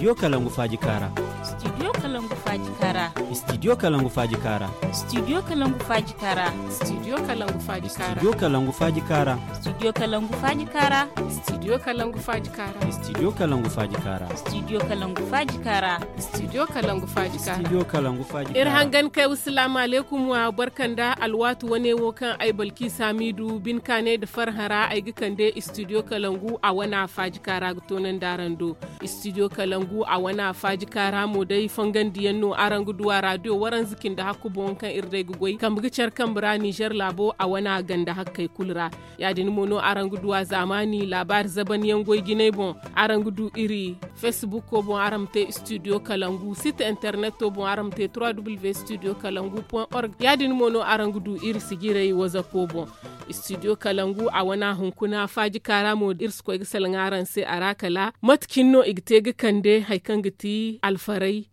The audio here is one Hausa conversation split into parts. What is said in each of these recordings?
Yoo kala faji kara studio kalangu faji kara studio kalangu faji kara studio kalangu faji kara studio kalangu faji kara studio kalangu faji kara studio kalangu faji kara studio kalangu faji kara studio kalangu faji kara studio kalangu faji kara studio kalangu faji kara studio kalangu faji kara ir kai assalamu alaikum wa barkanda alwatu wane wo kan ai balki samidu bin kane da farhara ai gikan de studio kalangu a wana faji kara tonan darando studio kalangu a wana faji kara dai fan gandi yanno arangu duwa radio waran zikin da hakku bon kan irde gugoi kan bugicer kan bra Niger labo a wana ganda hakkai kulra ya din mono arangu duwa zamani labar zaban yangoi ginai bon arangu du iri facebook ko bon aramte studio kalangu site internet to bon aramte www.studiokalangu.org ya din mono arangu du iri sigirei waza ko bon studio kalangu a wana hunkuna faji karamo irsko igsel ngaran se arakala matkinno igtege kande haikan giti alfarai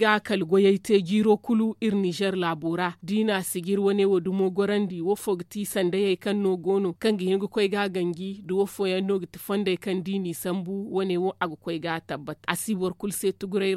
ya kalgoyaite giro kulu ir niger labora dina sigir wane wa dumo gorandi wo ti sanda yai kan no gono kan gi kwai ga gangi duwo foya no giti fonda kan dini sambu wane wo agu ga tabbat asibor kul se tugurai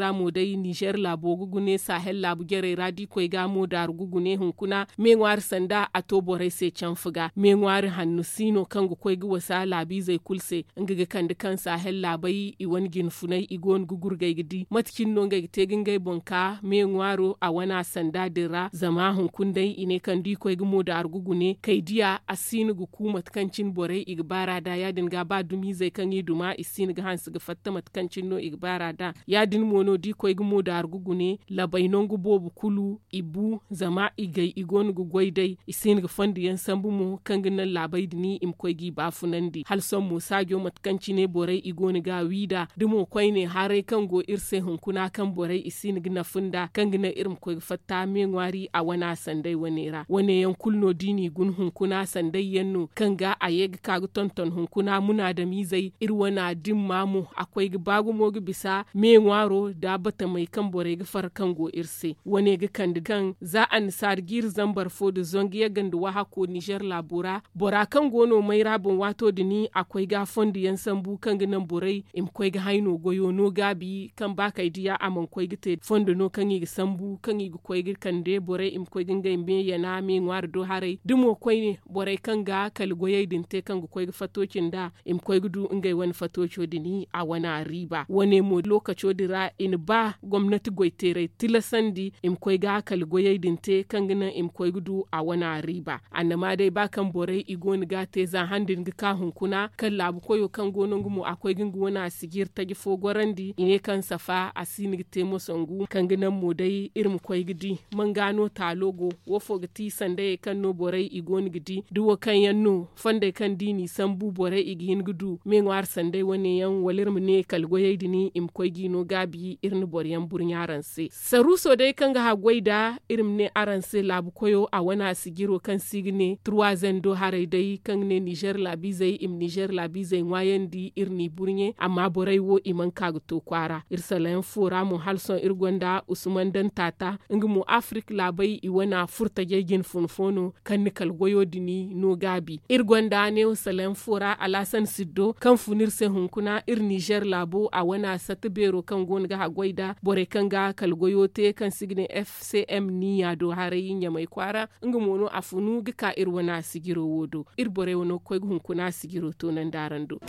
niger labo gugune sahel labu gere radi kwega mo dar gugune hunkuna mengwar sanda ato borai se can fuga mengwar hannu sino kan gu kwega wasa labi zai kulse ngiga kan kan sahel labai iwan ginfunai igon gugurgai gidi matkin no ngai gai bonka me ngwaro a wana sanda dira zama hunkundai ine kan di koy gumo da ne kai diya asini gu kumat kancin bore igbara da yadin ga ba dumi zai kan yi duma isini ga hansu ga fatta matkancin no igbara da yadin mono di koy gumo da ne labainon gu bobu kulu ibu zama igai igon gu i isini ga fandi yan sambu mu kan ginan labai dini im koi gi ba funandi hal son mu sagyo matkanci ne bore igon ga wida dumo koi ne hare kan go irse hunkuna kan bore isi gina funda kan gina irin ko fatta min wari a wana sandai wanera wane yan kulno dini gun hunkuna sandai yanno kan ga a yeg ka tonton hunkuna muna da mizai ir wana din mamu akwai bagu mogu bisa min waro da bata mai kan bore far kan go irse wane ga kan kan za an sargir zambar fodu zongi ya gandu wa hako Niger labura bora kan gono mai rabin wato dini akwai ga fondi yan sambu kan ginan borai im kwai ga haino goyo no gabi kan bakai diya amon kwai gite fondo no kan yiga sambu kan yiga koy gir kan de bore im koy ginga im be yana mi ngwar do hare dumo koy ne bore kan ga kal goye din te kan koy ga fatocin da im koy gudu ngai wani fatocho dini a wana riba wane mo lokaco dira in ba gwamnati goy tere tilasandi im koy ga kal goye din te kan gina im koy gudu a wana riba annama dai ba kan bore igoni ga te za handin ga ka hun kuna kan labu koyo kan gonon gumo akwai gingu wana sigir ta gifo gorandi ine kan safa asini sinigte mo sangu ginan mu dai irin kwai gidi mun gano talogo wofo gati sanda ya kan no borai igon gidi duwa kan yanno fanda kan dini san bu borai igin gudu me war sanda wani yan walir mu ne kalgo yai dini im kwai gino gabi irin boryan burnyaran se saruso dai kan ga hagwai da irin ne aran se labu koyo a wana sigiro kan signe troisième do harai dai kan ne niger labi zai im niger labi zai wayan di irni burnye amma borai wo iman kagu kwara irsalayan fora mu halso son irgonda usman dan tata inga mu afrik labai iwana furta gegin funfono kan nikal goyo dini no gabi irgonda ne salen fora alasan siddo kan funir hunkuna ir niger labo a wana satbero kan gonga goida bore kan ga kal goyo te kan signe fcm niya do harayin ya mai kwara inga no afunu gika ir wana sigiro wodo ir bore wono koy hunkuna sigiro to darando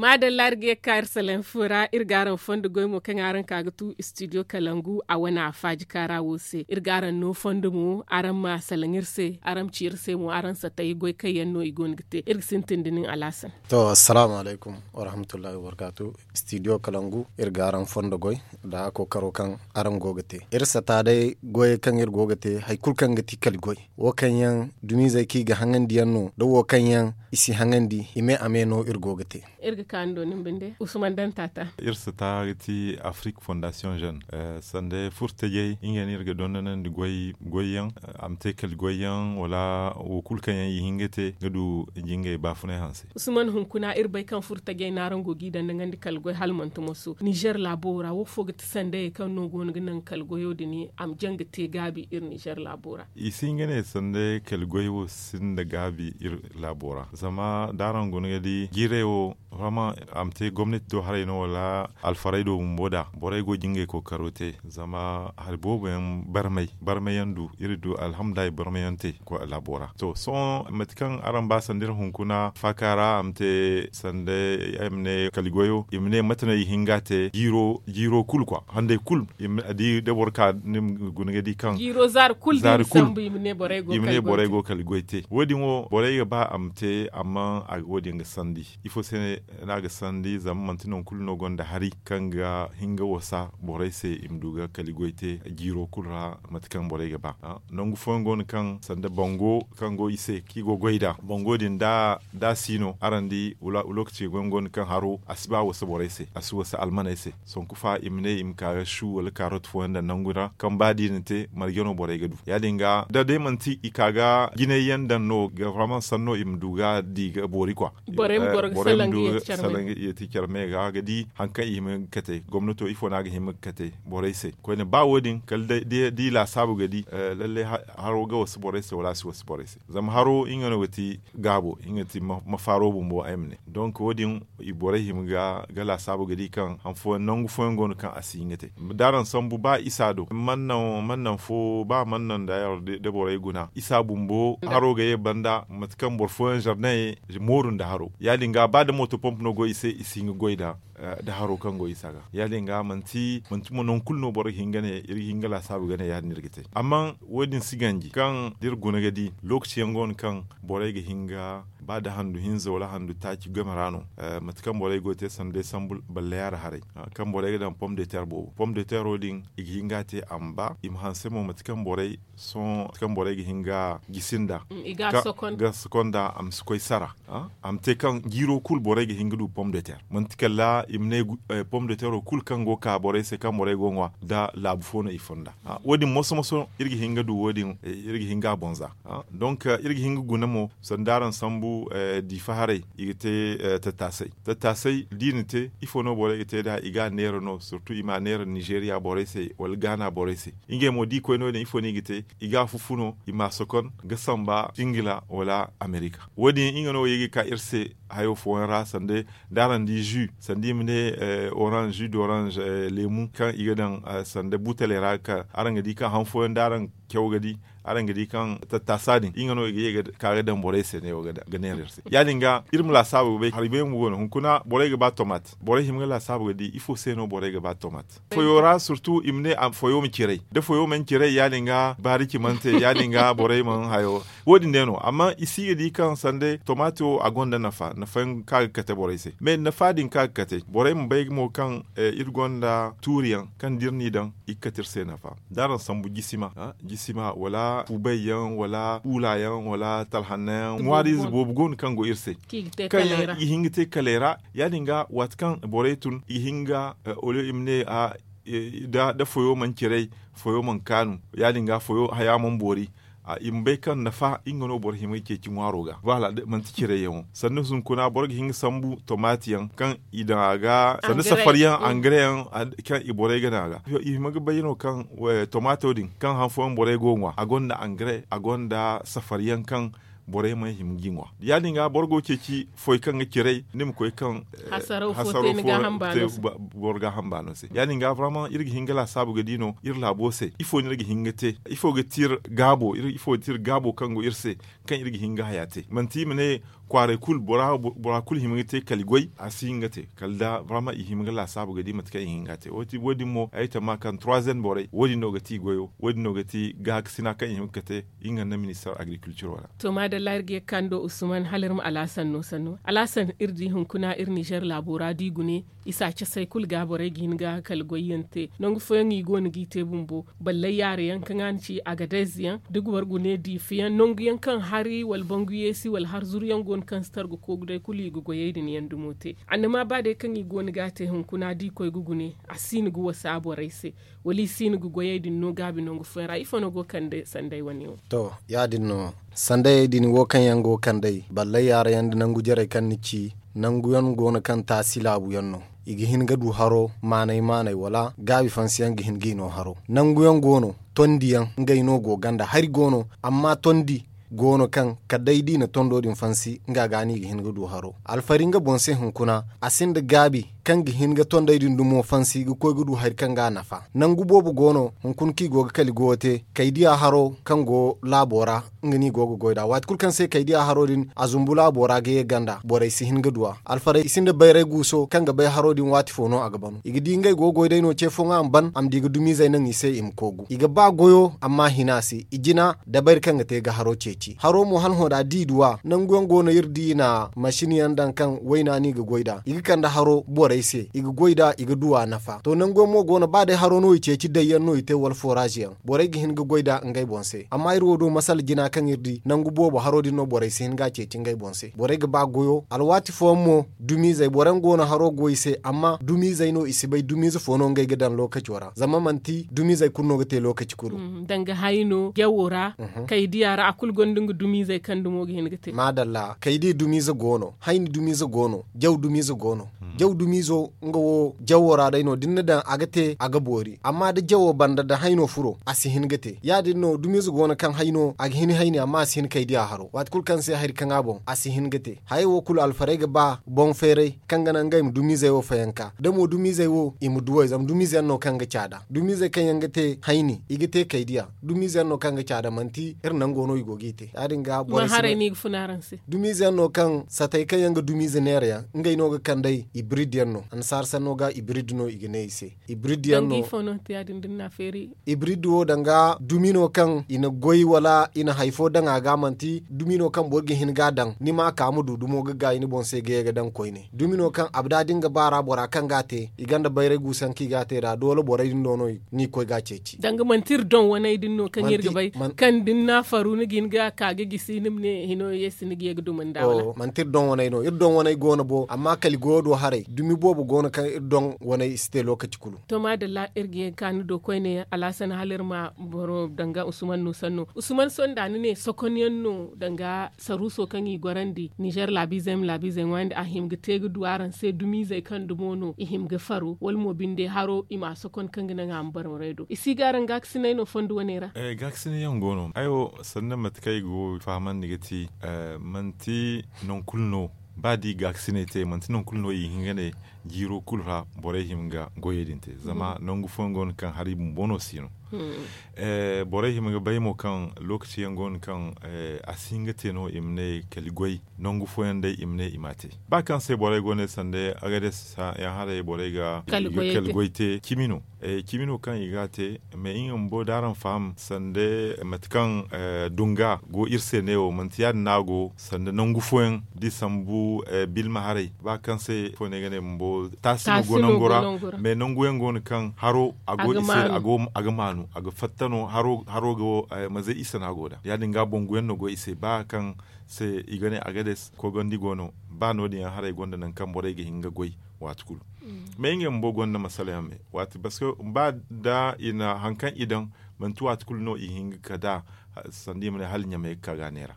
madallar ge kayar fura irgaran fondu goymo kan aran kaga tu studio kalangu a wana faji kara wose irgaran no fondu mu aram ma salangirse aram chirse mu aram satayi goi goy no igon gite irsin tindinin alasan to assalamu alaikum wa rahmatullahi wa barakatu studio kalangu irgaran fondu goi da ko karo kan aran gogate irsa ta dai goy kan ir gogate hay kul kan gati kal goi wo kan yan dumi zai ki ga hangan diyanno do wo kan yan isi hangan di ime ameno ir gogate irga kan donin binde usman dan tata irsa ta ti afrique fondation jeune uh, sande furta ye ingen irga donnanan di goy goyen eh, am tekel goyen wala wo kulkan yi hingete gadu jinge bafune hanse usman kuna irbay kan furta ye naran gogi dan ngandi kal goy halman to mosu niger labora wo fogat sande kan no gon ngnan kal goyo dini am jang te gabi ir niger labora isingene sande kal goy sin da gabi ir labora zama darango gon ngadi girewo vraiment zama amte gomnati do har ino wala alfarai do mboda borai go jinge ko karote zama har bobo yan barmai barmai yandu iri do alhamdai barmai yante ko labora to son matkan aran ba sandir hunkuna fakara amte sande imne kaligoyo i imne matna hingate giro giro kul kwa hande kul adi de borka nim gunege di kan giro zar kul zar kul imne borai go imne borai go kaligoite wodi mo borai ba amte amma a wodi sandi ifo sene na ga sandi zaman mantinon kulno gonda hari kan ga hinga wasa borai se imduga kaligoite giro kulra matikan borai gaba ah, nongu fongon kan sanda bongo go ise ki go goida bongo din da da sino arandi ula ulokci gongon kan haro asiba wasa borai se asu wasa almana ise son kufa imne imka shu wal karot fonda nangura kan badi nte margeno borai gadu ya dinga da dai manti ikaga gine yanda no ga vraiment sanno imduga diga bori kwa borem gorg eh, salangi salan iya tikar me mega ga di hankan i min kate gwamnato ifo na ga himin kate borai se ko ne ba wodin kal di la sabu ga di eh, lalle haro ga wasu borai se wala su wasu borai se zam haro ingana wati gabo ingati mafaro bumbo amne donc wodin i borai him ga ga la sabu ga di kan han fo nangu fo ngon kan asingete daran sambu ba isado man nan man nan fo ba man nan da yar de borai guna isabu mbo haro ga ye banda matkan borfo jardin je morun da haro ya nga ba da moto pompe no goi se isingo goi da. da haro goyi saga ya dinga manti manti monon kulno bor hingane iri hingala sabu gane ya nirgite amma wodin siganji kan dir gunagadi lokaci yangon kan borai ga hinga ba da handu hin zola handu ta gama rano eh, matakan borai gote san sambul balle yara hare ah, kan borai dan pom de terre bobo pom de terre rodin igi hinga te amba im hanse mo matakan borai son matakan borai ga hinga gisinda mm, sokonda ga sokonda am sukoi sara ah, am te kan giro kul borai ga hinga du pom de terre mantikalla imne eh, pomme de terre kul kango ka bore se kan bore gonwa da la fono ifonda ah, wodi moso moso irgi hinga du wodi eh, irgi hinga bonza ah, donc uh, irgi hinga gunamo sandaran sambu eh, di fahare igite eh, tatasai tatasai dinite ifono bore ite da iga nero no surtout ima nero nigeria bore se wal ghana bore se inge mo ko no ne ifoni igite iga fufuno ima sokon gasamba ingila wala america wodi ingano yigi ka irse hayo foyara sande daran di jus sandi mine eh, orange jus d'orange eh, lemu kan igadan uh, eh, sande butelera ka aranga di kan han foyan daran kyau gadi aran gadi kan tattasadin inga no ye kare dan bore se ne ga ga ne rse ya dinga irmu la sabu be haribe mu wono hun kuna bore ga ba tomat bore himga la sabu gadi ifo se no bore ga ba tomat foyora surtout imne am foyo mi kire de foyo men kire ya dinga bariki mante ya dinga bore man hayo wodi ndeno amma isi di kan sande tomato agonda nafa nafa ka kate bore se me nafa din ka kate bore mu be mo kan eh, irgonda turian kan dirni dan ikatir se nafa daran sambu gisima ha sima wala fubay wala ula wala wala talhanna wadis bobgon kango irse kaya ihingte kalera yadinga watkan boretun ihinga eh, ole imne a eh, da foyo man kirei foyo man kanu yadinga foyo hayamon bori a imbe kan nafa ingano bor himi ke kin waroga wala de man tikire yawo sannu sun kuna bor hin sambu tomatiyan kan idaga sannu safariyan mm. angreyan kan ibore gana yo i maga bayino kan tomato din kan hanfo bore gongwa agonda angre agonda safariyan kan borai mai himgingwa yadi nga borgo ceci foi kan kirei nim koy kan eh, hasaro hasaro fo borga hambano se yadi nga vraiment irgi hingala sabu gadino irla bose ifo nirgi hingate ifo gatir gabo irgi ifo tir gabo kango irse kan irgi hinga hayate man ti mane kware kul bora bora kul himinga te kali goy asinga te kalda vraiment i himinga la sabu gadi matka i hinga te oti wodi mo ayta ma kan 3e bore wodi no gati goyo wodi no gati gak sina kan himinga te inga na minister agriculture wala to ma da large kando usman ala alasan no sanu alasan irdi kuna ir niger bora di gune isa ce sai kul ga bore ginga kal goyente non fo i gon te bumbo balle yare yankan anci agadez yan duk di fiyan non yankan ha hari wal bangu yesi wal har zuriyan gon kan stargo ko gudai kuli gugo yedin yandu mote annama ba dai kan yi gate hun kuna di koy gugune asin gu wasabo raise wali sin gu go yedin no gabi no fera ifano go kande sandai wani to yadin no sandai din wo kan yango kandai balle yara yandi nangu jere kan ni ci nangu yan gona kan ta silabu yanno igi hin gadu haro manai manai wala gabi fansiyan gi hin gino haro nangu yan gono tondiyan ngaino go ganda hari gono amma tondi gono kan kaddaidi na tondo din fansi nga gani ga hinga gudu haro alfaringa bonse hunkuna asinda gabi kan hinga hin ga tonda idin dumo fansi gudu har kan nafa nan gubo gono hun kun ki goga kali gote kai haro kan labora ngini gogo goida wat kul kan sai kaidiya haro din azumbula bora ge ganda bora si hinga ga duwa alfare isin da bayre guso kan ga bay haro din wati fono aga banu igi di ngai gogo no chefo nga amban am diga dumi zai nan ise im kogu iga ba goyo amma hinasi ijina da bayr kan te ga haro ceci haro mu hal hoda di duwa nan gongo na yirdi na mashini yan kan waina ni ga goida igi kanda haro bora se iga goida iga duwa nafa to nan gomo gona ba dai haro no ice ci dai yan no te wal forage yan borai gi hin ga goida ngai bonse amma irwo do masal jina kan irdi nan gu bobo haro di no borai se hin ga ce ci ngai bonse borai ga ba goyo alwati fo mo dumi zai boran gona haro goyi se amma dumi zai no isi bai dumi zai fono ngai gidan lokaci wara zama manti dumi zai kunno ga te lokaci kulu mm, danga haino gewora mm -hmm. kai diyara akul gondungu dumi zai kan dumo gi hin ga te madalla kai di dumi zai gono haini dumi zai gono jaw dumi zai gono jaw mm. dumi nizo nga wo jawora da ino dinna dan agate aga bori amma da jawo banda da haino furo asihin gate ya dinno dumizu gona kan haino hini haini amma asihin kai dia haro wat kul kan sai hair kan abon asihin gate hay wo kul alfare ga ba bon fere kan ganan gaim dumize wo fayanka da mo dumize wo imu duwai zam dumize no kan ga chada dumize kan yangate haini igite kai dia dumize no kan ga chada manti er nan gono igogite ya dinga bori harai ni funaran se dumize no kan satai kan yanga dumize nere ya ngai no ga kan dai ibridian yanno an sarsanno ga hybride no igine ise hybride ya no fono na wo danga dumino kan ina goyi wala ina haifo danga ga manti dumino kan borgin hin ga dan ni ma ka mu mo ga ga ini bon se ga ga dan koine dumino kan abda dinga bara bora kan te iganda bayre san ki te da dole bora din no ni ko ga ceci danga mantir don wonai din no kan yirga bay kan din na faru ni gin ga ka ga gisi nim ne hino yesi ni ga duman da oh, wala mantir don wonai no yir don go no bo amma kali godo hare dumi boobu gono kan ir don wani site lokaci kulu to madalla irge kanu do koyne alasan halir ma boro danga usman no sanno usman son da ne sokoniyan nu danga saruso kan yi gorandi niger la labizem wanda a himga tegu duaran sai dumi zai kan dumono i himga faru wal mo binde haro ima sokon kan gina ngam baro redo isi garan gaksine no fondu wonera eh gaksine yan gono ayo sannan matkai go fahman nigati eh, manti non kulno ba di ga sine te mantinon kul no yi ngane jiro kulra bore him ga goyedinte zama mm -hmm. nongu fongon kan hari bono sino Eh, borai him ga baymo kan lokaci yangon kan eh, asinga teno imne kaligoi nongu foyan dai imne imate ba kan sai borai gone sande agades sa ya hada yi ga kaligoi te kimino eh, kimino kan te me in mbo daran fam sande matkan dunga go irse ne o mantiyad nago sande nongu foyan disambu bilma harai ba kan se fone gane mbo tasimo go nongora me nongu yangon kan haro ago a ago agamanu a ga fattano haro haro go eh, isa na goda yadin dinga bonguyen na goyi sai ba kan se igane agades ko gandi gono ba no din harai gonda nan kan bore ga hinga goy watu kulu mm. me inge mbo gonda masala yambe wata basko ba da ina hankan idan mantu watu kulu no ka da sandi mene hal nyame kaganera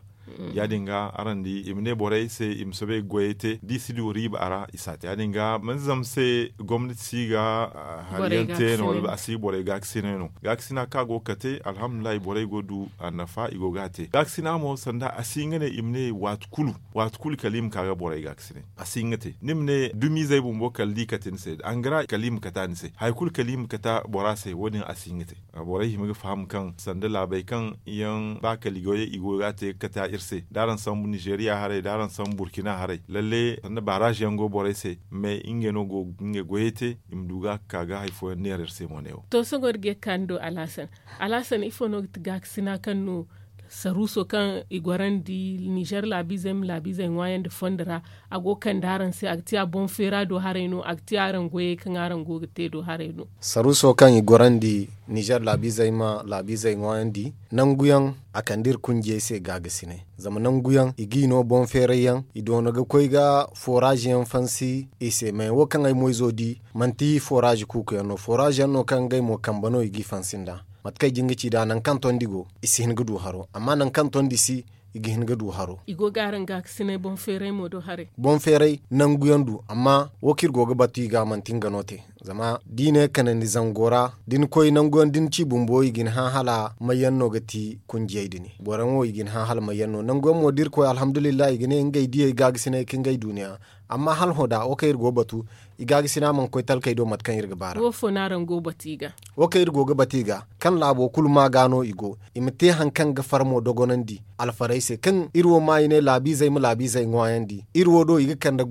yadinga arandi imne borai se imsobe goyete di sidu riba ara isate yadinga manzam se gomnit siga ah, haliente no wala asi borai gaksina no gaksina ka go kate alhamdulillah borai go du anafa ah, igo gate gaksina mo sanda asingane imne watkulu watkulu kalim kaga borai gaksine asingate nimne dumi zai mbokal kaldi katin se angra kalim katan se kul kalim kata bora se wodin asingate ah, borai himiga faham kan sanda labai kan yan ba kaligoye igo gate kata irse daran san nigeria harai daran san burkina harai lalle na yan yango borai sai. me inge no go inge goyete imduga kaga hay fo ne irse moneo to ge kando alasan alasan ifo no gak sina kanu saruso kan igwaran di niger labizem labizem wayan da fondara ago kan daran sai aktiya bon fera do hareno aktiya rangoye kan aran goge te do hareno saruso kan igwaran di niger labizem labizem wayan di nan guyan kandir kunje sai gaga sine zama nan guyan igino bon fera yan idono ga koi ga forage yan fansi ise mai wakan ai moizo di manti forage kuku yano forage yano kan gai mo kambano igi fansinda matkai jinga ci da nan kan isi hin gudu haro amma nan kan igi hin gudu haro. Igo garan ga sine bon mo do hare. Bon fere nan guyandu amma wakir goga batu ga tinga note Zama dine kana ni zangora din koy nan guyan din ci bumbo igin ha hala mayan no gati kunjiyai dini. Boran wo igin ha hala mayan no nan guyan dir koy alhamdulillah igine ngai diye ga sine kin gai duniya. Amma hal hoda okair go batu igagi sinaman koy talka ido matkan irga bara wo fo naran go batiga wo ka irgo ga batiga kan labo kulma gano igo imte hankan ga farmo dogonandi alfaraise kan irwo labi zai mu labizai ngwayandi irwo do iga kanda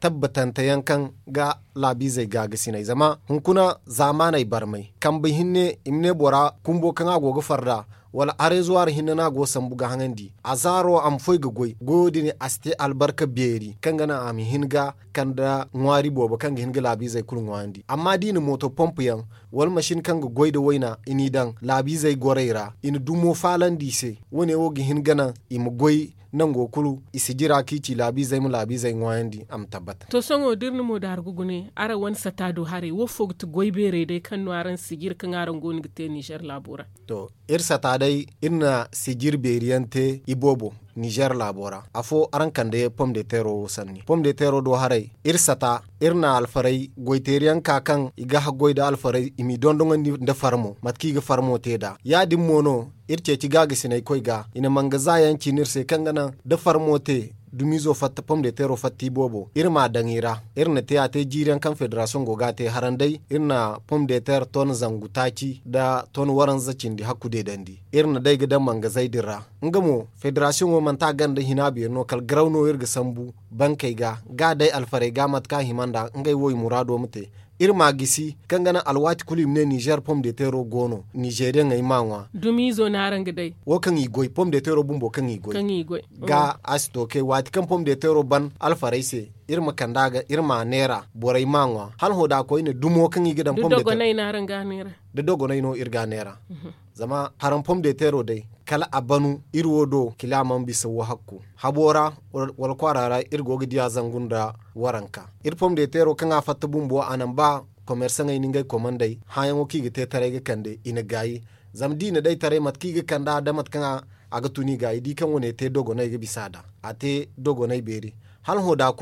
tabbatan ta yankan ga zai gasi gagasinai zama hunkuna zamanai barmai bi hinne imne bora kumbo kan ga farda wala are zuwar hinna na go sambu ga hangandi azaro am foi ga goy godi ne aste albarka beri kangana am hinga kanda ngwari bobo kanga hinga zai kul di amma dini moto pomp yan wal mashin kan ga da waina ini dan labi zai goreira in dumo falan dise wone wo hin gana im goy nan go kulu isi jira kici labi zai mu labi zai ngwayandi am tabbata to songo dirni mo dar gugune ara wan do hare wo fogt goy bere dai kan nuaran aran sigir kan aran gon gite ni labura to ir er dai irna sigir beriyante ibobo niger labora afo aran kande pom de tero sanni pom de tero do harai irsata irna alfarai goiteriyan kakan iga ha goida alfarai imi dondongo da farmo matki ga farmo teda ya dimmono irce ci gaga sinai ga ina manga zayan nirse kangana da farmo te dumizo fatta pom de tero fatti bobo irma dangira irna te ate jiren kan federation goga te harandai irna pom de ter ton zangutaci da ton waran zacin di hakkude dandi irna dai gidan manga zaidira ngamo federation wo manta ganda hinabe no kal grawno irga sambu bankai ga ga dai alfare ga matka himanda ngai woy murado mute irma gisi kangana alwati kulim ne niger pom de tero gono nigeria ngai manwa dumi zo naranga dai wo kan igoi pom de tero bumbo kan igoi kan igoi ga asto ke wat kan pom de tero ban alfaraise irma kandaga irma nera borai mangwa han hoda ko ina dumo kan yi gidan pom de dogo nay naran ganera de dogo nay no irga nera mhm. zama haran pom de tero dai kala abanu irwodo kilaman bisa wa hakku habora wal kwarara irgo gidiya zangunda waranka ir pom de tero kan afatta bumbo anan ba commerçant ay ningay komandai hayango kiga te ga kande ina gayi zam dina dai tare mat kiga kanda da mat kan aga tuni gayi di kan wone te dogo nay ga bisada ate dogo nay beri han hoda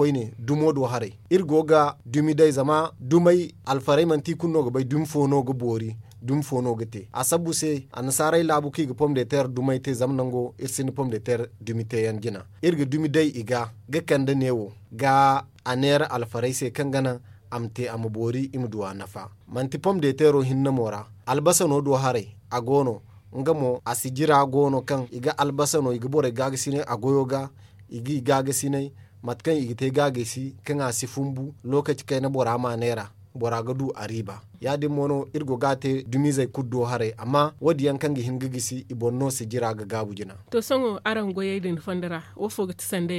do hare ir irgoga dumi day zama dumai alfarai manti go bay dum go bori dum fonoga te a sabu se a labu ki go pom de ter dumai te zam nango sin pom de ter dumi te yan jina irga dumi day iga ga kanda newo ga aner alfarai se kangana amte ama bori ima duwa nafa manti pom de tero hinna mora albasa no do hare a gono ngamo asijira gono kan iga albasa no iga bore gaga sine agoyoga igi gaga sine matkan igite gagesi kan sifumbu lokaci kai na bora ma naira bora gadu a yadi mono irgo gate dumizai kuddo hare amma wodi yankangi hingigisi ibonno si jira ga gabu jina to songo aran goye din fandara wo foga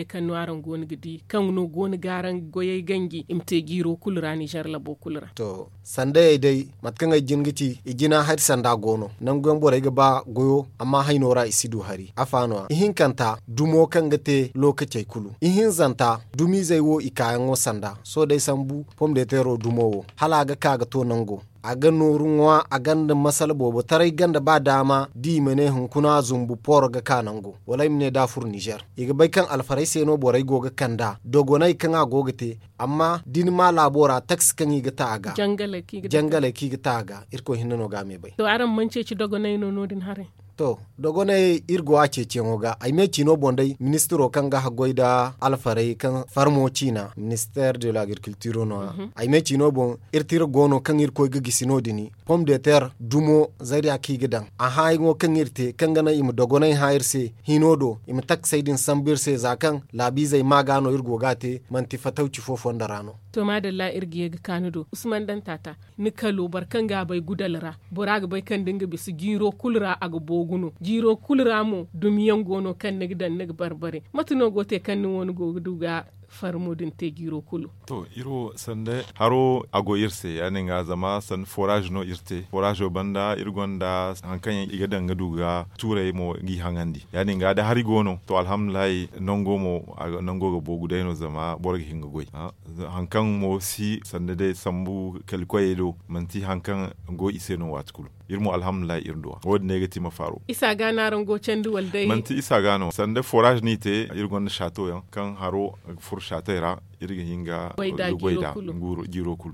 kan no aran goni gidi no goni garan goye gangi imte giro kulra ni jarla bo kulra to sande dai matkanga jingiti igina har sanda gono nan gon bore ga ba goyo amma hainora isidu hari afano ihin kanta dumo kan gate lokacai kulu ihin zanta dumizai wo ikayan wo sanda so dai sambu pom de tero dumo wo hala ga kaga to nango a aga a ganda masal bobo tarai ganda ba dama di mene hunkuna zumbu poro ga kanango walai mne da fur niger iga bai kan alfarai seno borai goga kanda dogonai kan a gogate amma din ma labora tax kan iga ta aga jangala ki ga ta aga irko hinno ga me bai to aran mance ci dogonai no nodin hare to dogone irgowa ceceŋo ga ayme cino bondai ministro kan ga hagoyda alfarai kan farmo cina minister de agriculture no mm cino bon irtir gono kan irko ga gisino dini pom de terre dumo zaria ki gidan a hayŋo kan irte kaŋ gana ima dogonay se hinodo ima saidin sambir se zakan zai magano irgo gate manti fatauci rano to madalla irgiye ga kanudo usman dan tata ni kalo barkan ga bai gudalra boraga bai kan dinga bisu giro kulra aga bogo gunu jiro kulramo dum yango kan nigi dan nigi barbare matino gote kan ni go duga farmudin te giro kulu to iro sande haro ago irse yani ga zama san forage no irte forage o banda irgonda hankan iga danga duga ture mo gi hangandi yani ga da hari gono to alhamdulillah nongo mo nongo go bogu dai no zama borgi hinga goy hankan mo si sande dai sambu kalkoye yedo manti hankan go ise no iseno watkulu irmo alhamdulillah irduwa wodi negati ma faro isa gana rango chendu walde. manti isa gano sande forage ni te irgonda chateau yan kan haro fourche شعتيرة irga hinga lugwaida nguro jiro kul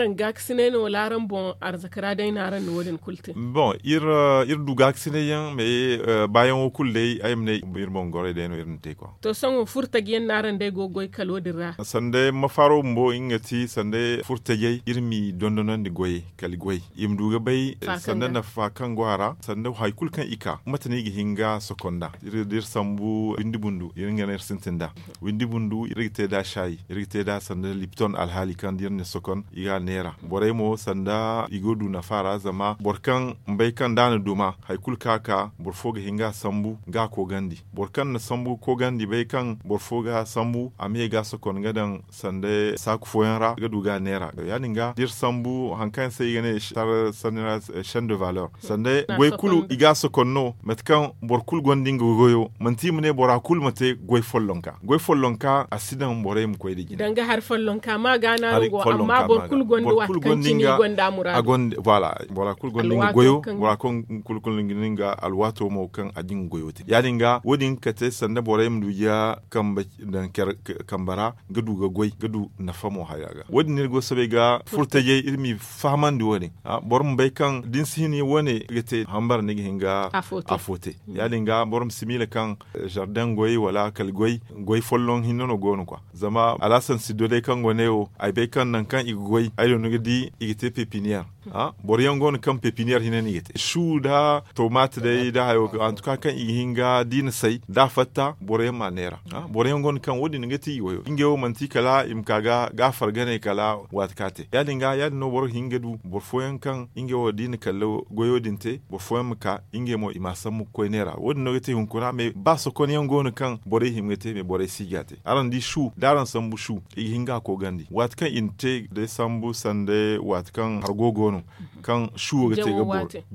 ran gaksine no laran bon arzakara dai na ran wodin kulte bon ir uh, ir du gaksine yan me uh, bayan o kulle ayim ne ir bon gore dai no irin ko to songo furta gen ran dai gogoy kalo dirra sande mafaro mbo ingati sande furta jey irmi dondonon di goye kali goye im ga bay eh, sande na fa kan gwara sande hay kul kan ika matani gi hinga sokonda ir dir sambu windi bundu ir ngene sintinda windi bundu ir te da shay irgiteda sanda lipton alhali kan dirne sokon iga nera Boremo sanda igodu na fara zama borkan mbay kan dana duma haikul kaka borfoga hinga sambu ga gandi borkan sambu Kogandi gandi borfoga sambu Ami ga sokon gadan sanda saku foyanra gadu ga nera yaninga dir sambu hankan sai gane tar sanira eh, chaîne de valeur sanda goykulu iga sokon no metkan borkul gondingo goyo mantimne borakul mate goy follonka goy follonka asidan boray e digi danga har fallon ma gana rugo amma bor kul gondo wat kan cini gonda a gonde voilà voilà kul gondo goyo voilà kon kul kul ninga alwato mo kan adin goyo te yadin ga wodin kate sanda bora mdu ya kamba dan ker kambara gadu ga goy gadu na famo hayaga wodin ne go sabe ga furtaje irmi faman di wani bor mbay kan din sini woni gete hambar ne hinga afote mm. yadin ga bor simile kan eh, jardin goy wala kal goy goy follon hinno gonu kwa zama alasan sidole kan o a bai kan nan kan igwai ay do di igite pepiniyar hmm. a boryan gwani kan hina ne igite shu da da yi eh. da hayo an tuka kan ihinga din sai da fatta ma nera a boryan gwani kan wodi ngiti yoyo inge o manti kala ga gafar gane kala watkate ya yadin no hinga du borfoyan kan inge o din kallo goyodinte borfoyan muka inge mo imasan mu koinera wodi ngiti hunkuna me baso kon yangon kan bore himgete me bore sigate aran di shu daran sambu mushu ihinga ko gandi watkan inte de sambu sande watkan hargogono mhm. kan shu ga te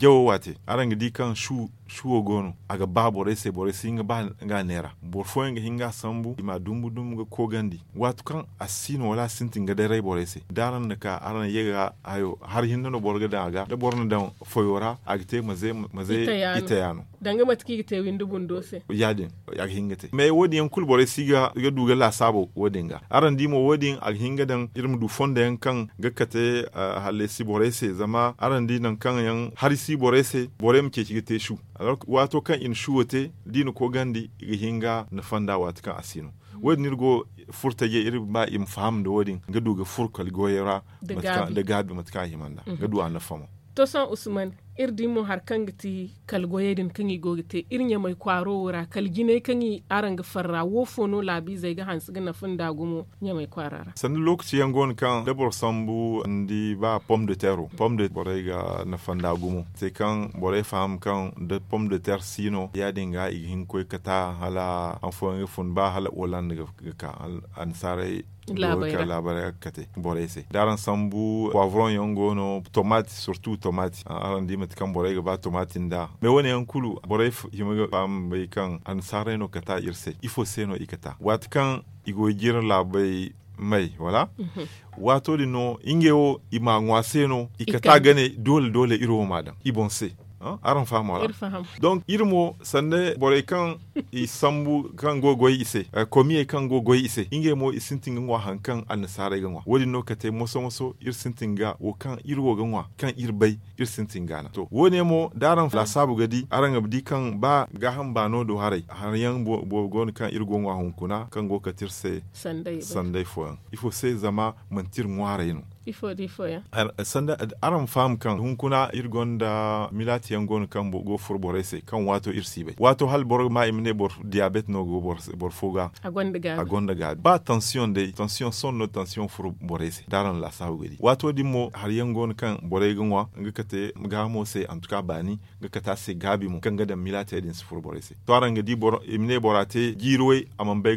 jawo wate di kan shu shuwo gono aga ba bore se bore singa ba nga nera bor fo nga hinga sambu ima dumbu dumbu ga ko gandi watu kan asino wala sinti ga dere bore se daran na ka aran yega ayo har hinna no borga da aga da borna da foyora te maze maze itayano danga matki gite windu bundo se yadin hinga te me wodi en kul bore siga ga duga la sabo nga aran dimo wodin ag hinga dan irmu du fonda yan kan ga kate ah, halle si bore se zama aran dinan kan yan har si bore se bore mke kigite shu alors wato kan in shuwate, dino ko gandi ga hinga na fanda wato kan asinu. wadi nirgo furta ye iri ba im faham da wadin gadu ga furkal goyera da gabi matka himanda gadu mhm. a na famo to san usman irdimo har kangati kalgoyedin kangi gogite irnya mai kwaro wura kalgine kangi aranga farra wo fono labi zai ga hansu gana fin dagumo nya mai kwarara san lokaci yangon kan dabar sambu ndi ba pom de terre pom de borai ga na fan dagumo te kan bore fam kan de pom de terre sino ya dinga igin koi kata hala an fo fun ba hala oland ga ka an sare. labarai labarai kate borai se daran sambu poivron yangono tomate surtout tomate aran dima mate kan borai ga ba tomatin da me wani yan kulu borai himaga ba bai kan an sare no kata irse ifo seno ikata waati kan igo jira labai mai wala mhm. wato dino ingewo ima ka ikata gane dole dole iro madan bon se aran faamu ala donc iri mo sanne borey kaŋ i sambu kan go goy ise eh, komiye kan go goy ise inge mo i sintinga ŋwa haŋ kaŋ a ga ŋwa wodi no kate moso moso iri sintinga wo kan iri wo ga ŋwa kaŋ iri bay iri na to wone mo daran lasabu ga di araŋ ga di kan ba gahan bano do harai. har yaŋ bo gonu kaŋ iri go ŋwa hunkuna kan go katir se sanday foyaŋ il ifo se zama mantir ŋwaray no ifo ifo ya sanda aran fam kan hunkuna irgonda milati yangon kan go furbore se kan wato irsi be wato hal bor ma imne bor diabet no go bor bor fuga agonda ga agonda ga ba tension de tension son no tension furbore se daran la sa wato dimmo har yangon kan bore ganwa ga ga mo se en tout cas bani ga kata se gabi mu kan ga milati to ga di bor imne borate giroi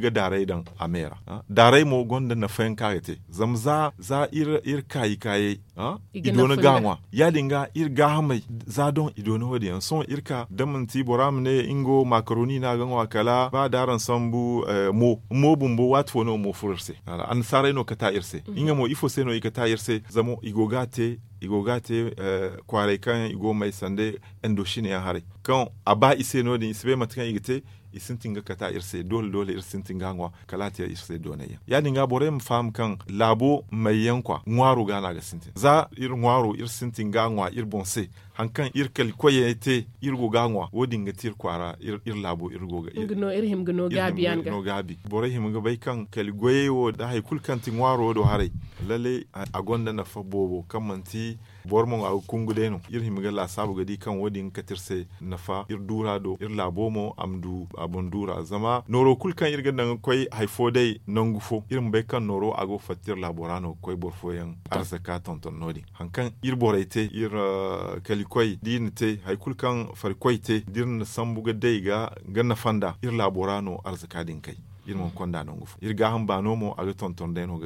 ga darai dan amera darai mo gonda na fayan kagate zamza za ir ir kayi kaye ah, a idona ganwa ir irga hamai zadon idona wadiyan son irka damin ti boram ne ingo makaroni na wa kala ba daran sambu eh, mo mo bumbo watfo no mo furse an sare no kata irse mhm. inga mo ifo seno ikata irse zamo igogate igogate eh, kware kan igo mai sande endoshine ya hare kan aba ise no din sibe matkan igite isintinga kata irse dole dole irsintinga ngwa kalatiya irse ya dinga bore fam kan labo mai yankwa ngwaru gana ga sintin za ir ngwaru irsintinga ngwa ir bonse hankan irkal koye koyete irgo gangwa wodi ngatir kwara ir, ir labo irgo ga ir, no irhim him gno gabi an no gabi bore him ga bai kan kal goye wo da hay kul kan tin waro do hare lalle a gonda na fa bobo kan manti bormo a kungude no ir him ga la sabu ga di kan wodi ngatir se na fa ir dura do ir labo mo amdu abon dura zama noro kul kan irga nan koy hay fo dai nangu fo irin bai kan noro ago fatir laborano koy borfo yan arzaka tonton nodi hankan ir borete ir uh, ah, kal te farkoi te haikulkan san buga sambuga ga ganna fanda ir laborano arzakadin kai mon konda ngufu ir ga han a aga ton den ho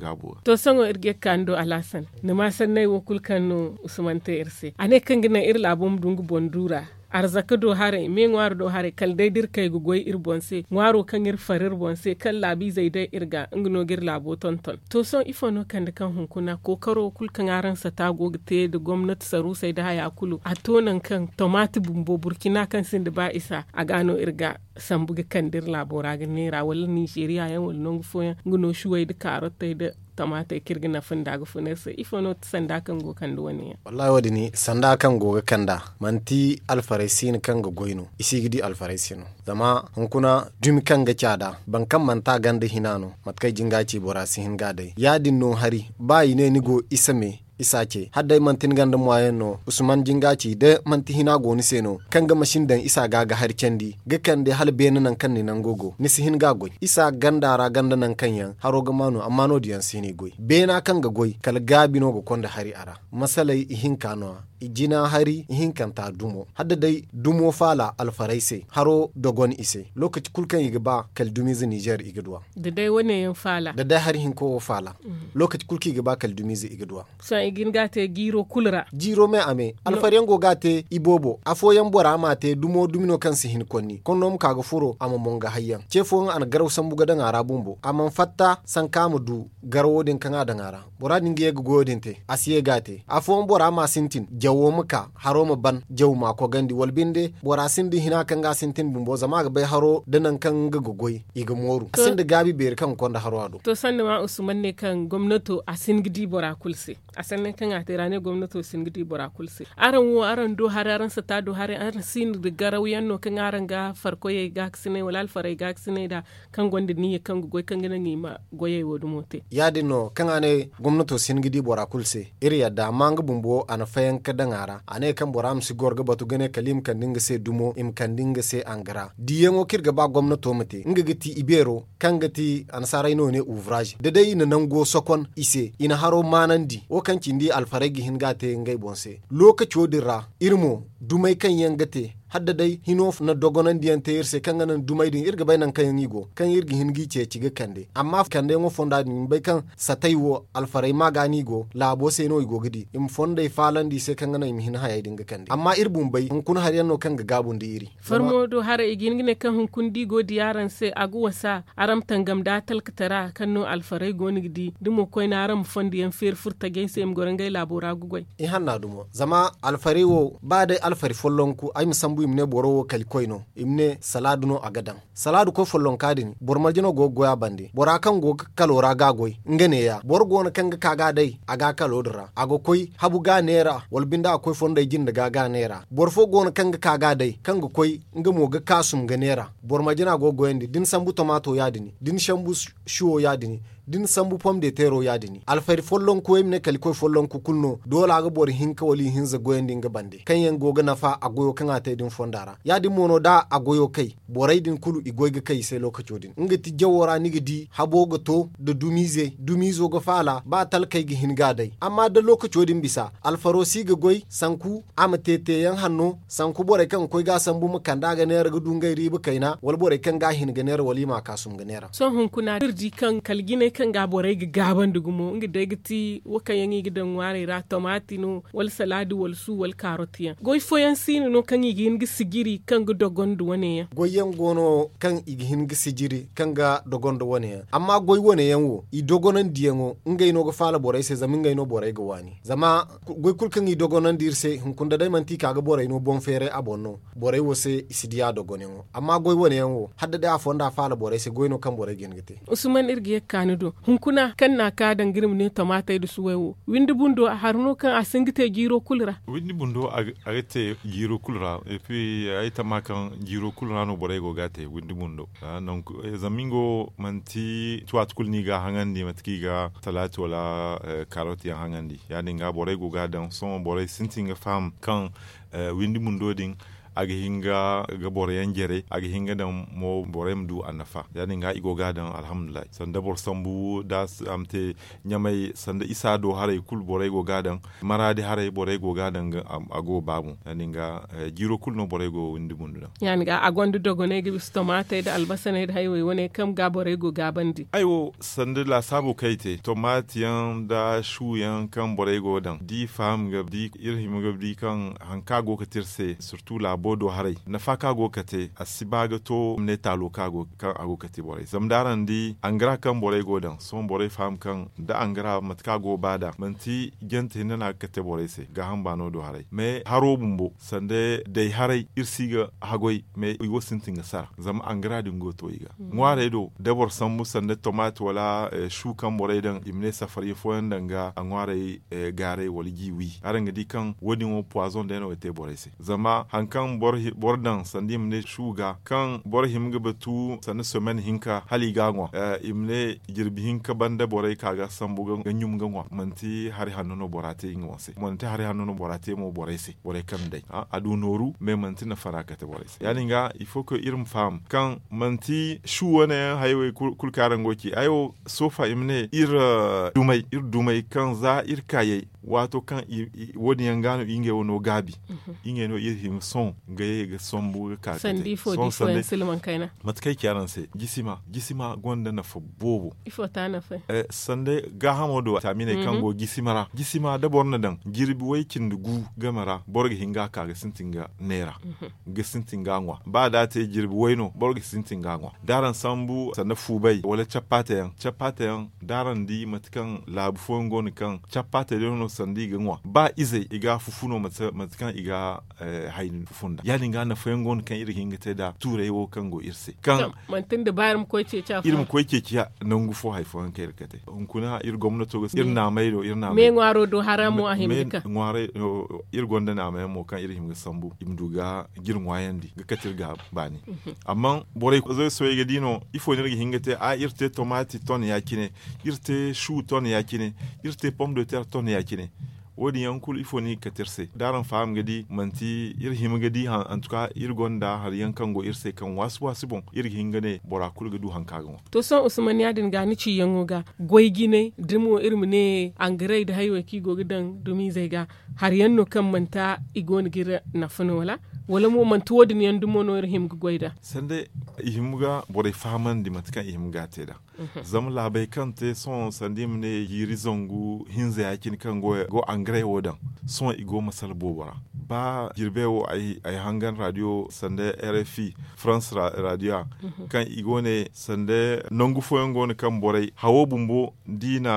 gabo to ir ge kando alasan nima sannai wokul a usmante irse ane kangina ir labum dungu bondura arzaka do hare me ngwaro do hare kal dai dir kay go ir bonse ngwaro kan ir farir bonse kal labi zai dai irga ngno gir labo tonton to son kan da kan hunkuna ko karo kul kan aran sa ta go te da gwamnati saru sai da haya kulu a tonan kan tomati bumbo burkina kan sin da ba isa a gano irga sambuga kan dir labora ga nera wala nigeria yan wala nongo foyan ngno shuwai da karotai da na kirgina funda gu funerse ifono sanda kan go kan duwani wallahi wadi ni sanda kan go ga kanda manti alfaraisin kan ga goino isi gidi alfaraisin zama hunkuna dumi kan ga kyada ban kan manta ganda hinano matkai jinga bora borasi hin gadai. ya no hari bayi ne ni go isa me isace hadda mantin ganda moyen no usman jingaci de manti hina goni kan ga mashin dan isa ga ga har candi ga kan de hal bena nan kan ni nan gogo ni sihin hin ga goy isa ganda ra ganda nan kan yan haro ga manu amma no diyan sini goy bena kan ga goy kal gabi no go konda hari ara masalai ihin kanwa jina hari hinkanta dumo hadda dai dumo fala alfaraise haro dogon ise lokaci kulkan gaba ba kaldumizi niger igidwa da dai wane yin fala da dai har hinko fala lokaci kulki gaba ba kaldumizi igidwa san igin gate giro kulra giro me ame alfaren go gate ibobo afo yan bora ma te dumo dumino kan si hinkonni konnom ga furo amma monga hayyan cefo an garau san buga dan arabumbo amma fatta san kamu du garwodin kan ara bora ninge te asiye gate afo bora ma sintin jawo muka haro ma ban jau ma ko gandi walbinde bora sindi hina kan ga sintin bumbo zama ga bai haro danan kan ga gogoi iga moru asin da gabi ber kan kon da haro ado to sanne ma usman ne kan gwamnato asin gidi bora kulse a ne kan atira ne gwamnato sin gidi bora kulse aran wo aran do har aran sa ta do har aran sin da garau yanno kan aran ga farko ye ga sine walal farai ga sine da kan gondi ni kan gogoi kan gina ni ma goye wodu mote dino kan ane gwamnato sin gidi bora kulse iri da manga bumbo an fayan ka dangara ane kan boram si gorga batu gane kalim kan dinga se dumo im kan dinga se angara diyengo kirga ba gwamna tomate nga gati ibero kan gati ansara ino ne ouvrage da dai na nango sokon ise ina haro manandi o kan kindi alfaregi hingate ngai bonse lokaci dirra irmo dumay kan yangate hadda dai hinof na dogonan diyan te yirse kan ganan dumay din irga bay nan kan yigo kan irga hingi ce ciga kande amma kande ngo fonda din bay kan satay wo alfaray magani go labo se no igo gidi im fonda e di se kan ganan im hin din kande amma irbum bay hun kun hariyan no kan ga gabun di iri farmo do hara igin ne kan hun kun di go diyaran se agu wasa aram tangam da talkatara kan no alfaray go gidi dumo koy na aram fondi yan fer furta gen se im gorangay labora gugwai in hanna dumo zama alfaray wo ba dai fari follonku ay misambu imne borowo kalikoyno imne no agadan saladu ko follon kadini bor marjino go goya bandi bora kan go kalora ga goy ngene ya bor gona kan ga kaga dai aga kalodra ago koy habu ga nera wal binda akoy fonda jinda ga ga nera bor fo gona kan ga dai kan ga koy nga mo ga kasum ga nera bor marjina go goyandi din sambu tomato yadini din shambu shuo yadini din sambu pom de tero yadini alfari follon ko emne kali ko follon ku kunno dola ga bor hinka wali hinza goyandi ga bande kan yan goga nafa agoyo kan ate din fondara yadi mono da agoyo kai borai din kulu igoyga kai sai lokaci odin inga ti jawora niga di habo ga to da dumize dumizo ga fala ba tal kai ga hinga dai amma da lokaci odin bisa alfaro si ga goy sanku ama tete yan hanno sanku borai kan koy ga sambu makanda ga ne raga dungai riba kaina wal borai kan ga hinga ne walima kasum ga ne son hun kuna dirji kan kalgine kan ga borai ga gaban dugumo ngi ti waka yangi gidan ware ra tomati no wal saladi wal su wal karoti ya goy foyan sinu no kan igi ga sigiri kan ga dogondo wane ya yan gono kan igi ga sigiri kan ga dogondo wane ya amma goy wane wo i dogonan diyango inga ino ga fala borai sai zamin ga ino borai ga wani zama goy kan yi dogonan sai hun da dai manti ga borai no bon fere abonno borai wose isidiya dogonen amma goy wane wo hadda da afonda fala borai sai goy no kan borai gengete usman irgiye kanu bundo hunkuna kan na ka dangirim ne tomata da su suwayo windi bundo a harno kan a singite giro kulra windi bundo agate giro kulra et puis ma kan giro kulra no bore go gate windi bundo donc e zamingo manti tuat kulni ga hangandi matki ga talatu wala e, karoti hangandi ya ga bore go ga dan son bore sintinga fam kan e, windi bundo din aga hinga ga bore yangere aga hinga da mo borem du anafa yani nga igo gadan alhamdulillah sanda bor sambu da amte nyamai sanda isa do hare kul bore go gadan maradi hare bore go gadan ago babu yani nga eh, jiro kul no bore go windi bunduna yani ga agondu dogo ne gi tomate da albasa ne da haiwe wone kam ga bore go gabandi aiwo sanda la sabu kaite yan da shu yan kan bore go dan di fam ga di irhim ga di kan hankago ka tirse surtout la bodo harai na faka go kate a sibaga to ne talo ka go kan ago kate bore zamdaran di angra kan bore dan son bore fam kan da angra matka go bada manti gente nana kate bore se ga ba no do harai me haro bumbo sande dai harai irsiga goi me igo sintinga sa zam angra go to iga hmm. ngware do dabor sammu sande tomato wala eh, kan bore dan imne safari fo yandanga a ngware eh, gare wala giwi aranga di kan wodin wo poison den o te bore se zama hankan kan bordan sandim ne shuga kan bor himga batu sani somen hinka hali ngwa eh, imne jirbi hinka banda borai kaga sambuga ganyum ga manti hari hannuno borate ngwa se manti hari hannuno borate mo borai se borai kan dai adu noru me manti na farakata borai se yani nga il faut que irim fam kan manti shuwa ne haiwe kulkaran goki ayo sofa imne ir eh, dumai ir dumai kan za ir kaye wato kan wodi yangano inge wono gabi mhm. inge no ir son gaye ga son buga ka fo di fo en silman kaina mat kai kyaran se gisima gisima gonda na fo bobo ifo ta na fa eh sande ga hamodo ta mine mhm. kango gisimara gisima da borna dan girbi wai gu gamara borga hinga ka ga sintinga nera mhm. ga sintinga ngwa ba da te girbi wai no borga sintinga ngwa daran sambu sanda fubai wala chapate yan chapate yan daran di matkan labu fo ngon kan chapate de no sandi ga ngwa ba ize iga fufuno kan iga eh, hayin fufun gonda yadin ga na fayan gon kan iri hinga ta da turai wo kan go irse kan mantin da bayar mu koyce cha irin koyce kiya nan gufo an kai irkate in kuna ir gwamnato ga irin na mai do irin na me ngwaro do haramu a himika ngware ir gonda na mai mo kan irin hinga sambu imduga wayan di ga katir ga bani mhm. amma bore zo so ga dino ifo ne ga hinga ta a irte tomati ton kine irte shu ton kine irte pomme de terre ton kine wodi yankul ifoni katirse daran faam gadi manti ir him gadi han en tout cas ir gonda har yankango go ir se kan wasu wasu bon ir hingane bora kul gadu hankago to san usman ya gani ci yango ga goygi ne dimo irmu ne angrai da haywe ki gogidan dumi zai ga har yanno kan manta igon gira na funola wala mo man tuwo din yandu mono ir er himgu goida sende himga bore faman di matika himga teda mm -hmm. zam la bai kante son sande mne yiri zongu hinze yakin kan go go angre wodan son igo masal bobora ba jirbe wo ay ai hangan radio sande RFI France ra, radio mm -hmm. kan igo ne sande nongu foyango ne kan bore hawo bumbo dina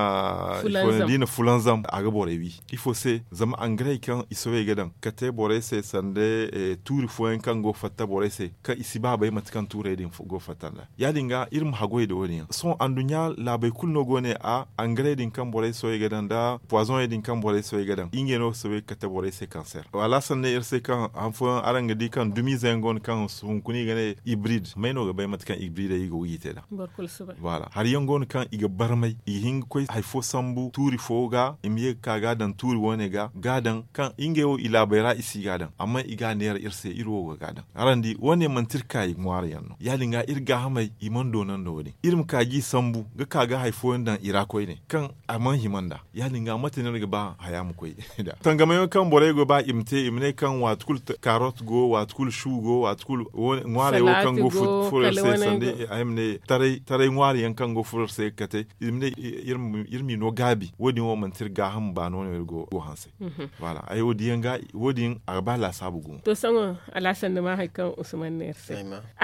fulanzam. dina fulanzam aga bore wi ifo se zam angre kan isowe gadan kate bore se sande eh, turi fo yan kan go fatta bore se ka isi ba bai matkan ture din go fatta la ya ir irin hago da wani son an dunya la bai kul no gone a angre din kan bore so yega dan da poison din kan bore so yega dan inge no so ka ta bore se cancer wala san ne irse kan an fo aranga di kan dumi zengon kan sun kuni gane hybride mai no ga bai matkan hybrid yi go yite da barkul sabai wala har yangon kan iga barmai ihin hay haifo sambu turi fo ga imiye ka gadan turi wone ga gadan kan inge wo ilabaira isi gadan amma iga ne irse iro ga gadan arandi wone man tirka yi ngwar yanno nga irga hamai iman donan da wani irin kaji sambu ga kaga haifoyin dan irako ne kan aman himanda yali nga matanin ga ba haya mu koi da tangamayo kan borai go ba imte imne kan watkul karot go watkul shu go watkul ngwar yo kan go furar sai sande aimne tare tare ngwar yan kan go furar sai kate imne irmi no gabi wodi wo man tirga ham ba no ne go go hanse wala ayo diyan ga wodi arba la sabu go to sango mo alasan ma hay kan usman nerse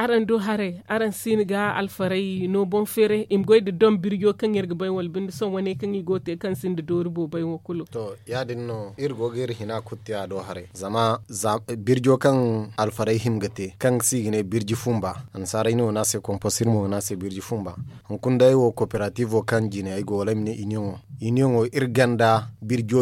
aran do hare aran siniga alfaray no bon fere im goy de dom biryo kan yerga bay wal bin son wane kan gote kan sin de dori bo bay wo to ya din no irgo ger hina kutya do hare zama birjo kan him himgate kan sigine birji fumba sare no na se composir mo na se birji fumba an kunda wo cooperative kan jine ay go lamne inyo inyo o irganda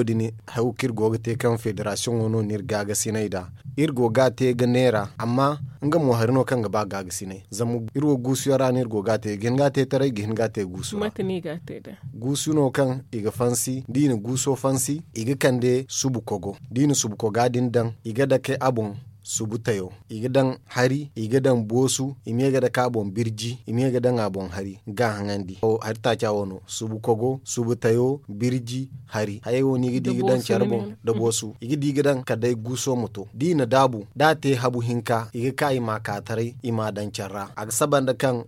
dini hawkir gogate kan federation wono nirgaga sinaida irgo ga gate naira amma nga mo harino kan gaba ga ne zamu irwo gusu ya ne go gate gen gate tare gin gate gusu matani gate da gusu no kan iga fansi dini guso fansi iga kande subu kogo dini subu koga din dan iga da ke abun subutayo dan hari dan bosu ka kabon birji ga dan abon hari ga hangandi o harta chawono subu kogo subutayo birji hari hayo ni gidi gidan charbon da bosu igidi gidan kadai guso moto na dabu te habu hinka iga kai makatare ima dan charra aga sabanda kan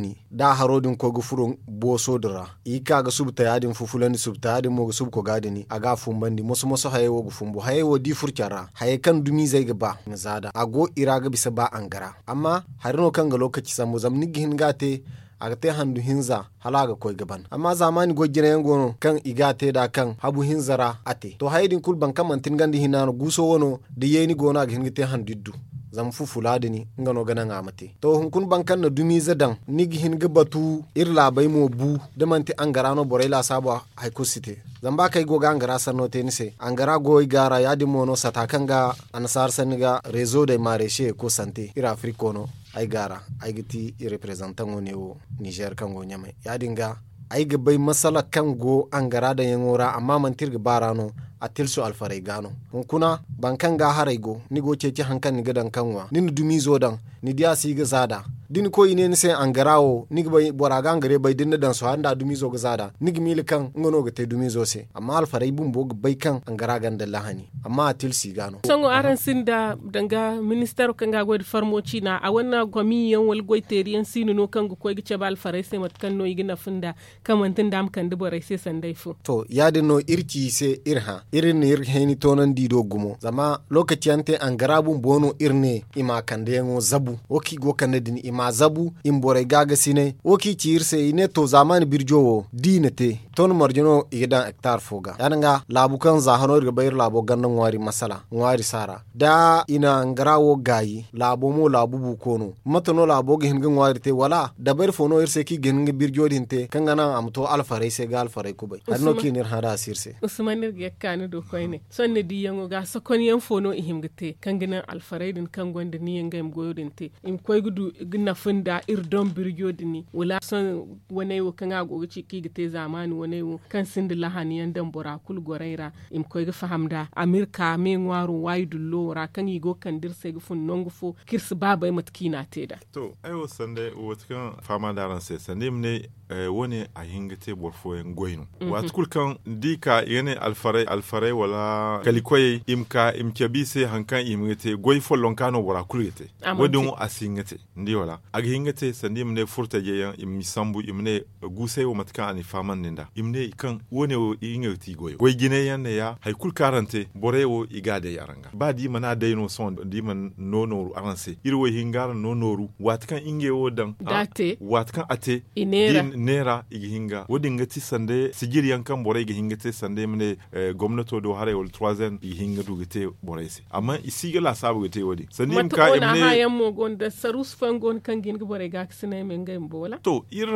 ni da harodin kogo furun boso i ika ga subutayadin fufulani yadin mo sub ko gadini aga fumbandi moso moso hayo go haye wo di furchara haye kan dumi zai ga ba zada ago iraga bisa ba an gara. amma harino kanga lokaci samu zamni gihin gate agate handu hinza halaga koi gaban amma zamani go yan gono kan igate da kan habu hinzara ate to haidin kulban kamantin gandi hinano guso wono da yeni gona ga hingite handu zan fufula da ni ngano gana mate to hun kun bankan na dumi zadan ni hin ga batu ir labai mo bu da manti an na borai la sabo hay site zan ba kai goga an gara sanno te nise an gara goy gara yadi mono kan ga ansar san ga rezo da mareshe ko sante ir afrikono ai gara ai giti representan ne wo niger kan go nyame ya dinga ga bai masala kan go an gara da yan wura amma mantir ga barano a tilso alfarai gano kuna ban kan ga harai go ni go ceci hankan ni gadan kanwa ni dumi zodan ni diya si ga zada din ko ine ni se angarawo nig bora ga angare bai din dan so handa dumi zo ga zada nig mil kan ngono ga te dumi zo se amma farai bun bo bai kan angara dalla lahani amma tilsi gano songo aran sinda danga minister kan ga gwad farmoci na a wannan gwami yan wal goy yan sinu no kan go ce b'al farai sai mat kan no igina funda kamantin dam kan dubarai se sandai fu to ya din no irki se irha irin ne irhe ni tonan dido gumo zama lokaci ante an bun bono irne ima kan da yango zabu woki go kan da din mazabu in bore gaga sine woki tirse ine to zaman birjo wo te ton marjino igedan hectare foga yananga labu kan zahano irga bayir labo gannan wari masala wari sara da ina ngarawo gayi labo mo labu bu kono matono labo ge hinga ngwari te wala da bayir fono irse ki geninga birjo te kangana amto alfarai se ga alfarai kubai ki nir hada sirse usman irga kanu do koyne sonne yango ga sokon yan fono ihimgite kangana alfarai din kangonde ni yanga im goyodin te im koygudu ina da ir don wula son wane wo kan ago ci ki gite zamani wane wo kan sind lahani yan dan bora kul goraira im koi ga fahamda amirka me ngwaru wayi dullo ra kan yigo kan dir se ga fun nongo fo kirs na te da. to ayo sande wotkan fama daran sai sande mne eh, wani a hingite borfo yan goyinu mhm. wata kul kan ka yane alfare alfare wala kalikoye imka imkebise hankan imgite goyi fo lonkano bora kulgete wodun asingete ndi wala ra aga te sandi mne furta je yan imi sambu imne guse wo matika ani faman ninda imne kan wone wo inge ti goyo goy gine yan ne ya hay kul karante bore wo igade yaranga ba di mana dai no son di man no no aranse irwo hingar no ru watkan inge o dan date watkan ate inera nera igi hinga wodi ngati sande sigir yan kan bore igi hingate sande mne gomnato do hare ol 3 igi hinga dugite bore se amma isigala sabu gite wodi sandi imka imne hayan mo gonda sarus fangon kan gin ga bore ga sine men ga mbola to ir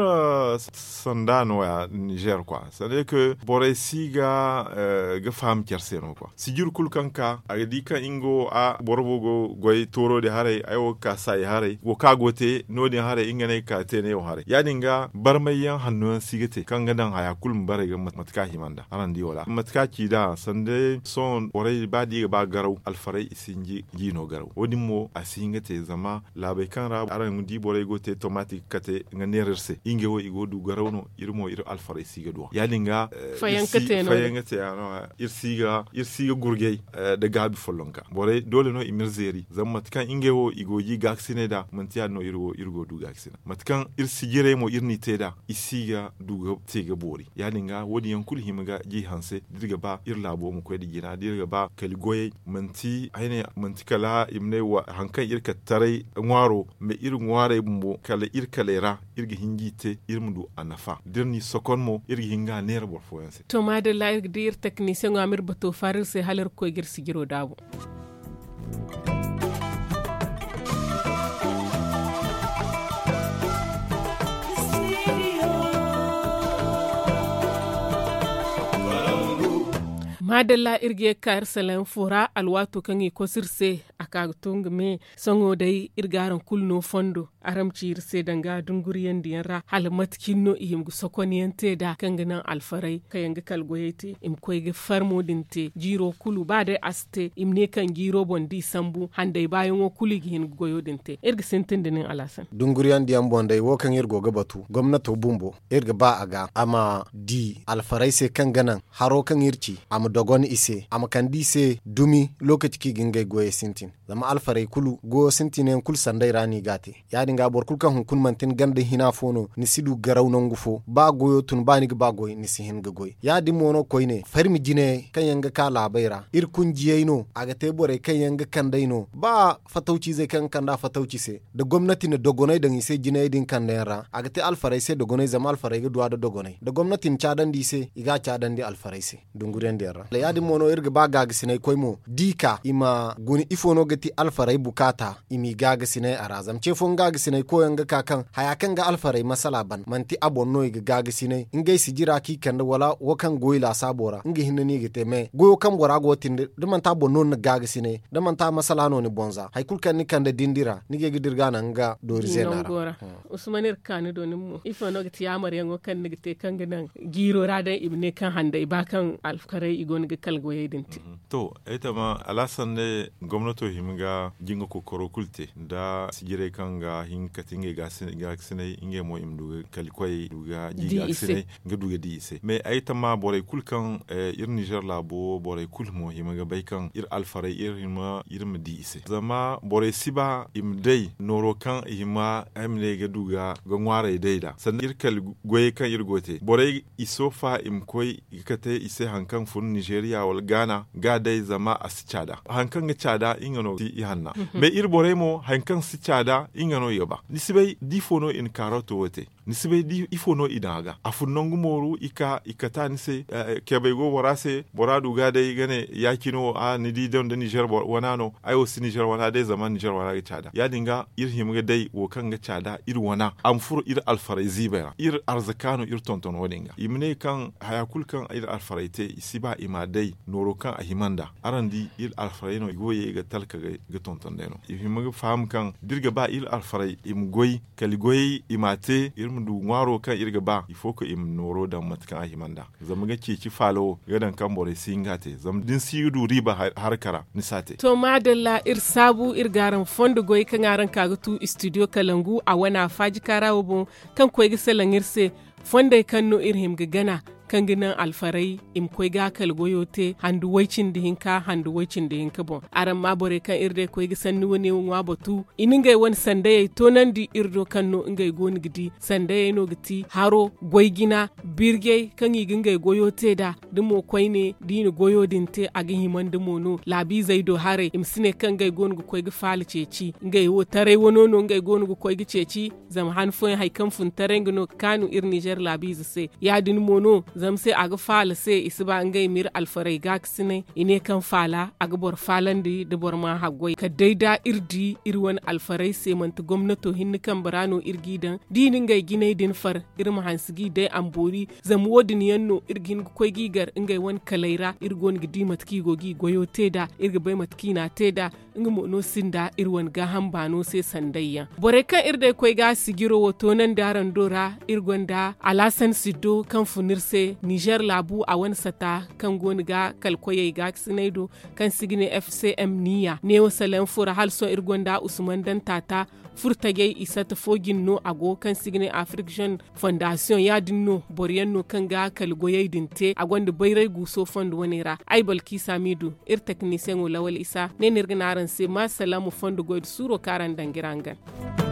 sandano ya niger quoi c'est à dire que bore siga eh, ga fam tierseno quoi si jur kul kanka a di ka ingo a go goy toro de hare o ka sai hare wo ka gote no de hare ingane ka tene o hare ya dinga barmayan hannun sigete kan ga dan haya kul mbare ga matka himanda aran di wala matka ki da sande son bore ba di ba garau alfarai isinji gino garau wodin mo asingete zama labai kan ra aran mu di bora igo te tomati kate nga nererse inge wo igo du garawno irmo ir alfara isiga do yalinga eh, fayankate no fayankate ah, no ah, ir siga ir siga gurgey eh, da gabi folonka bora dole no imirzeri zammat kan inge wo igo yi gaksine da mantiya no irwo irgo du gaksine matkan ir sigire mo irni teda isiga duga tega bori yalinga wodi yankul himiga ji hanse dirga ba ir labo mu kwedi gina dirga ba kaligoye manti aine manti kala imne wa hankan ir tarai ngwaro me irin ware bumbo kala ir ra irgi hingite irmudu anafa dirni sokon mo irga hinga nera bor foyense to de la dir technicien amir bato farir se haler ko dabo sigiro you madalla irge kar salen fura alwato kangi kosirse sirse a katung dai irgaran kulno fondo danga dungur dunguriyen diyanra halmat kinno ihim gu yente da kanganan alfarai kayanga kalgoyete im koyge farmodinte jiro kulu bade aste im ne kan jiro bondi sambu handay bayan wo kulu gihin goyodinte sentende sentendinin alasan dunguriyen diyan bonday wo kan irgo gabatu batu gwamnato bumbo irga ba aga ama di alfarai se kanganan haro kan yirci. ama dogon ise ama kandi se dumi lokaci ki gingay goye sintin zama alfarai kulu go sintinen kul sanday rani gate yani kadi ga bor kulka hun kun mantin ganda hina fono ni sidu garaw nongu ba goyo tun ni goy ya mono koyne farmi jine kan kala ka Irkun ir kun bore ba fatauci ze kan kanda fatauci se de gwamnati ne dogonai jine din Kandera, aga te alfarai se dogonai zama alfarai ga duwa da dogonai da se iga di se ya di mono ba dika ima guni ifono geti alfarai bukata imi gaga sine arazam ce sinai ko yanga kakan hayakan kan ga alfarai masala ban manti noy ga gaga ingai si jira ki kanda wala wakan goyi la sabora ingi hinna ni gite me goyo kan gora go tinde de man ta bonno na gaga sinai ta masala no ni bonza hay kul kan ni kanda dindira ni ge gidirga nan ga rizena ra hmm. usmanir er kan do mu ifa no gite yamar yango kan ni gite kan nan giro radan ibne kan handa ibakan alfarai igon ga kalgo yedinti hmm. to eta ma alasan ne gomnato himga jingo ko korokulte da sijire kan ga hin katinge ga sine ga sine inge mo im duga koy duga ji ga sine ga duga di ise me ay tama bore kul kan eh, ir niger la bo bore kul mo hima ga bay kan ir alfaray ir hima ir mi di ise zama bore siba im dai noro kan hima amne ga duga ga ngware dai da san ir kal goy kan ir gote bore iso fa im koy kate ise hankan fun nigeria wal gana. ga dai zama as chada hankan ga chada ingano ti ihanna mhm. me ir bore mo hankan si chada ingano yo ba ni sibai di fono in karoto wote nisibe di ifo no idaga afunnongu moru ika ikata nise uh, eh, eh, kebego borase boradu gade gane yakino a nidi don de Niger wanano ayo si Niger wana de zaman Niger wana ga cada ya dinga ir himga dai wo kan ga ir wana amfuru ir alfaraizi bera ir arzakano ir tonton wodinga imne kan hayakul kan ir alfaraite isiba imade dai noro kan ahimanda arandi ir alfaraino igoye ga talka ga tonton deno ifimga faham kan dirga ba ir alfarai im goyi imate ir mu du ngwaro kan irga ba il faut im noro da matkan ahimanda zama ga keki falo gadan kan bore te zam din siyudu riba harkara nisate to madalla ir sabu ir garan fondo goy kan aran kaga tu studio kalangu a wana faji karawo bon kan koy ga selan irse fonda kan no ir gana kanginan alfarai im koy ga kal goyote handu waicin da hinka handu waicin da hinka bon aran ma bore kan irde koy ga sanni woni wa batu iningay won sandaye to nan di irdo kanno ingay goni gidi sandaye no giti haro gina birge kan yi gingay goyote da dumo koy ne dini goyodin te agi himan dumo no labi zaido hare im sine kan gay goni go koy ga fali ceci Ngai wo tare wono no ngai goni go koy ga ceci zam han fo hay kan fun tare kanu ir niger labi zase ya din mono zamse aga fala se ba ngai mir alfarai gaksine ine kan fala aga bor falandi de bor ma hagoi ka deida irdi irwan alfarai se manta gomnato hin kan barano irgidan dinin ngai gine din far irma hansigi dai ambori zam wodin yanno irgin koi gigar ngai wan kalaira irgon gidi matki gogi goyo teda irga bai matki na teda inga mo no sinda irwan ga hambano se sandayya bore kan irde koi ga sigiro nan daran dora irgon da alasan sido kan funirse niger labu a wani sata kan goni ga kalkoye ga sinaido kan sigine fcm niya ne wasalen fura halso irgonda usman dan tata furtage isa ta fogin no ago kan sigine african foundation ya dinno boriyan no kan ga kalgoye dinte a gwanda bairai guso fond wanera ai balki samidu ir technicien lawal isa ne ran se ma salamu fund goid suro karan dangirangan